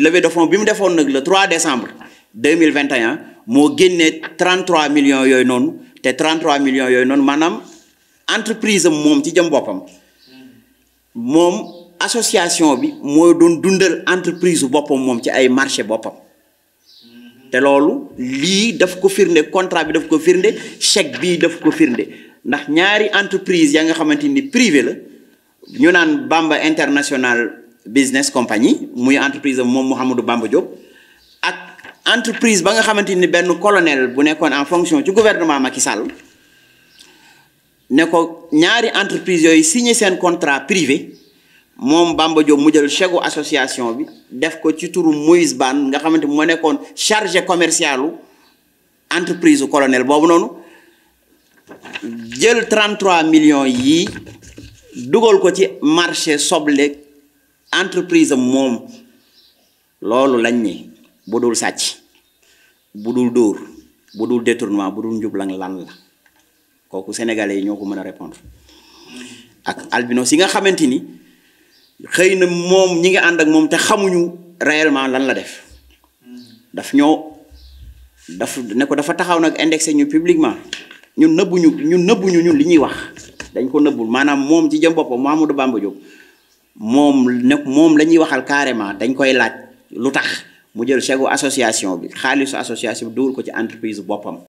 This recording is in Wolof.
leve levée de fonds bi mu defoon nag le 3 décembre 2021 moo génnee 33 million yooyu noonu te 33 millions yooyu noonu maanaam entreprise am moom ci jëm boppam moom association bi mooy doon dundal entreprise boppam moom ci ay marché boppam te loolu lii daf ko firnde contrat bi daf ko firnde chèque bii daf ko firnde ndax ñaari entreprise ya nga xamante ni privé la ñu naan Bamba internationale business compagnie muy entreprise moom mu Mouhamadou Bamba Diop ak entreprise ba nga xamante ni benn colonel bu nekkoon en fonction ci gouvernement Macky Sall ne ko ñaari entreprise yooyu signé seen contrat privé moom Bamba Diop mu jël chegu association bi def ko ci turu Moïse Ban nga xamante moo nekkoon chargé commercialu entreprise u colonel boobu noonu jël 33 millions yii dugal ko ci marché soble entreprise am moom loolu lañ ni bu dul sàcc bu dul dóor bu dul détournement bu dul njublang lan la kooku sénégalais yi ñoo ko mën a répondre ak albinos si nga xamante ni xëy na moom ñi nga ànd ak moom te xamuñu réellement lan la def daf ñoo daf ne ko dafa taxaw nag indexé ñu publiquement ñun nëbbuñu ñun nëbbuñu ñun li ñuy wax dañ ko nëbbul maanaam moom ci jëm boppam Mamadou Bamba Diop moom nag moom la ñuy waxal carrément dañ koy laaj lu tax mu jël chèque association bi xaalisu association bi dugal ko ci entreprise boppam